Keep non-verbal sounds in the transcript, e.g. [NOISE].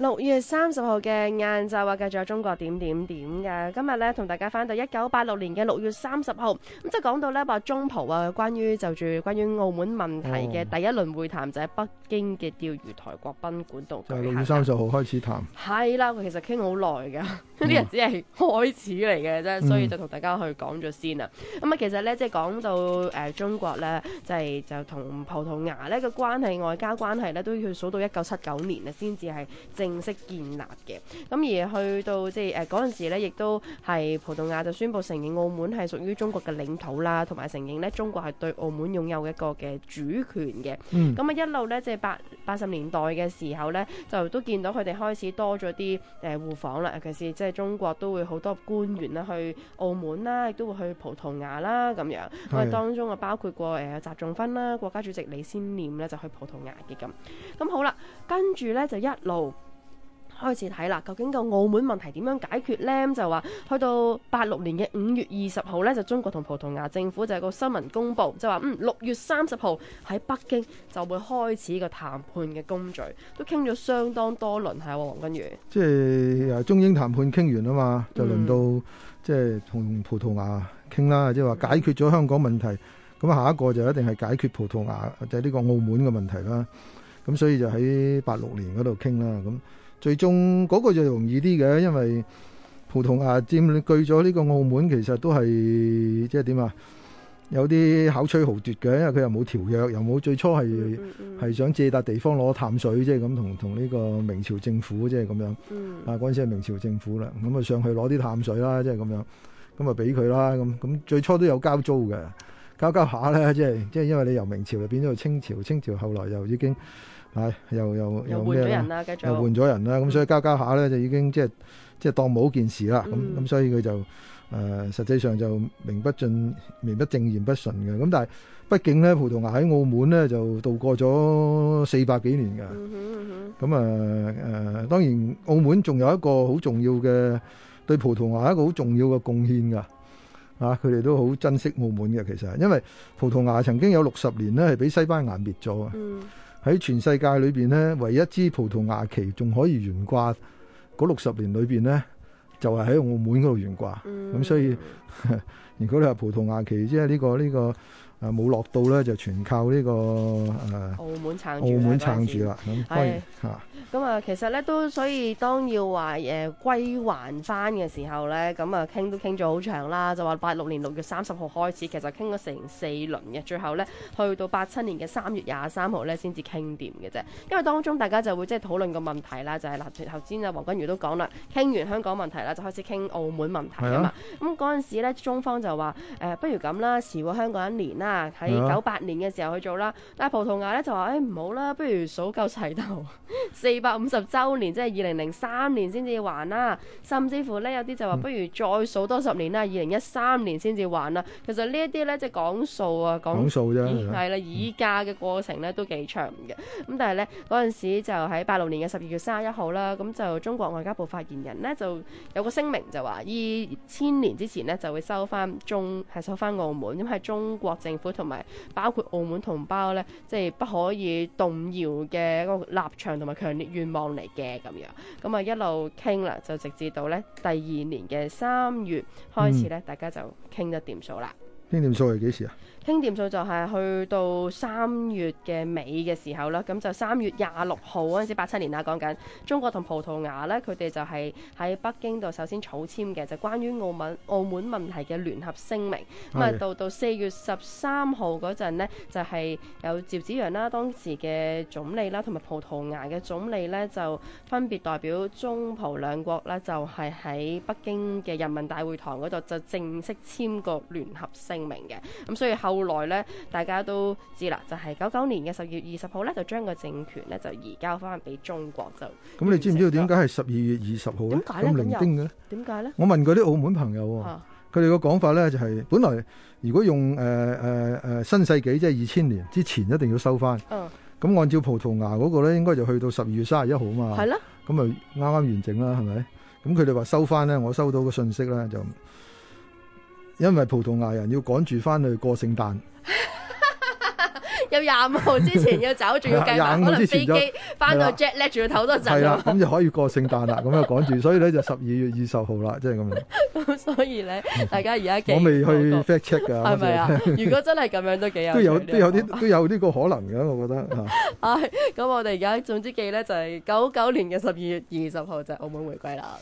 六月三十號嘅晏晝啊，繼續中國點點點嘅。今日咧同大家翻到一九八六年嘅六月三十號，咁即係講到咧話中葡啊，關於就住關於澳門問題嘅第一輪會談、哦、就喺北京嘅釣魚台國賓館度就係。六月三十號開始談。係啦，其實傾好耐㗎，啲人、嗯、 [LAUGHS] 只係開始嚟嘅啫，所以就同大家去講咗先啊。咁啊、嗯，其實咧即係講到誒、呃、中國咧，就係、是、就同葡萄牙呢個關係，外交關係咧都要數到一九七九年啊，先至係正，正式建立嘅，咁而去到即係誒嗰陣時咧，亦都係葡萄牙就宣布承認澳門係屬於中國嘅領土啦，同埋承認咧中國係對澳門擁有一個嘅主權嘅。咁啊、嗯、一路咧，即係八八十年代嘅時候咧，就都見到佢哋開始多咗啲誒互訪啦。尤、呃、其是即係中國都會好多官員啦去澳門啦，亦都會去葡萄牙啦咁樣。係的。咁啊，當中啊包括過誒習、呃、仲勳啦，國家主席李先念咧就去葡萄牙嘅咁。咁好啦，跟住咧就一路。開始睇啦，究竟個澳門問題點樣解決呢？就話去到八六年嘅五月二十號呢，就中國同葡萄牙政府就係個新聞公佈，就話嗯六月三十號喺北京就會開始個談判嘅工序，都傾咗相當多輪係喎、啊，黃君如，即係中英談判傾完啊嘛，就輪到、嗯、即係同葡萄牙傾啦，即係話解決咗香港問題，咁、嗯、下一個就一定係解決葡萄牙就係、是、呢個澳門嘅問題啦。咁所以就喺八六年嗰度傾啦，咁。最終嗰個就容易啲嘅，因為葡萄牙佔據咗呢個澳門，其實都係即係點啊？有啲巧取豪奪嘅，因為佢又冇條約，又冇最初係係、嗯嗯、想借笪地方攞淡水啫，咁同同呢個明朝政府即係咁樣。嗯。啊，嗰陣時係明朝政府啦，咁啊上去攞啲淡水啦，即係咁樣，咁啊俾佢啦，咁咁最初都有交租嘅，交交下咧、就係，即係即係因為你由明朝入邊到清朝，清朝後來又已經。係又又又咩？換咗人啦，又，又，又換咗人啦，咁所以搞搞下咧就已經即係即係當冇件事啦。咁咁所以佢就誒實際上就名不盡、名不正、言不順嘅。咁但係畢竟咧，葡萄牙喺澳門咧就度過咗四百幾年㗎。咁啊誒，當然澳門仲有一個好重要嘅對葡萄牙一個好重要嘅貢獻㗎。啊，佢哋都好珍惜澳門嘅其實，因為葡萄牙曾經有六十年咧係俾西班牙滅咗啊。嗯喺全世界裏邊咧，唯一支葡萄牙旗仲可以懸掛嗰六十年裏邊咧，就係、是、喺澳門嗰度懸掛。咁、嗯、所以，嗯、 [LAUGHS] 如果你話葡萄牙旗，即係呢個呢個。這個啊冇落到咧，就全靠呢、這個誒、呃、澳門撐住，澳門撐住啦咁係吓。咁啊，其實咧都所以當要話誒歸還返嘅時候咧，咁啊傾都傾咗好長啦。就話八六年六月三十號開始，其實傾咗成四輪嘅，最後咧去到八七年嘅三月廿三號咧先至傾掂嘅啫。因為當中大家就會即係討論個問題啦，就係嗱頭先啊黃君如都講啦，傾完香港問題啦，就開始傾澳門問題的啊嘛。咁嗰陣時咧，中方就話誒、呃，不如咁啦，遲過香港一年啦。啊！喺九八年嘅時候去做啦，但係葡萄牙咧就話：，誒唔好啦，不如數夠齊頭四百五十周年，即係二零零三年先至還啦。甚至乎呢，有啲就話：，不如再數多十年啦，二零一三年先至還啦。其實呢一啲呢，即係講數啊，講數啫，係啦，議價嘅過程呢都幾長嘅。咁但係呢，嗰陣時就喺八六年嘅十二月三十一號啦，咁就中國外交部發言人呢，就有個聲明就話：二千年之前呢，就會收翻中係收翻澳門，咁係中國政。同埋包括澳門同胞咧，即係不可以動搖嘅一個立場同埋強烈願望嚟嘅咁樣，咁啊一路傾啦，就直至到咧第二年嘅三月開始咧，嗯、大家就傾得掂數啦。傾掂數係幾時啊？傾掂數就係去到三月嘅尾嘅時候啦，咁就三月廿六號嗰陣時，八七年啦，講緊中國同葡萄牙呢，佢哋就係喺北京度首先草簽嘅，就關於澳門澳門問題嘅聯合聲明。咁啊，到到四月十三號嗰陣咧，就係有趙紫陽啦，當時嘅總理啦，同埋葡萄牙嘅總理呢，就分別代表中葡兩國呢，就係喺北京嘅人民大會堂嗰度就正式簽個聯合聲明。明嘅，咁、嗯、所以後來咧，大家都知啦，就係九九年嘅十二月二十號呢，就將個政權呢，就移交翻俾中國就。咁你知唔知道點解係十二月二十號咧？咁零丁嘅呢？點解呢？呢呢我問過啲澳門朋友、哦，佢哋個講法呢，就係、是、本來如果用誒誒誒新世紀即係二千年之前一定要收翻。咁、啊、按照葡萄牙嗰個呢，應該就去到十二月三十一號嘛。係啦的。咁啊啱啱完整啦，係咪？咁佢哋話收翻呢，我收到個信息呢，就。因為葡萄牙人要趕住翻去過聖誕，有廿五號之前要走，仲要計可能飛機翻到 Jet 拉住佢唞多陣。係啦，咁就可以過聖誕啦。咁又趕住，所以咧就十二月二十號啦，即係咁。咁所以咧，大家而家記我未去 fact check 㗎，係咪啊？如果真係咁樣，都幾有都有都有啲都有呢個可能㗎，我覺得。唉，咁我哋而家總之記咧就係九九年嘅十二月二十號就係澳門回歸啦。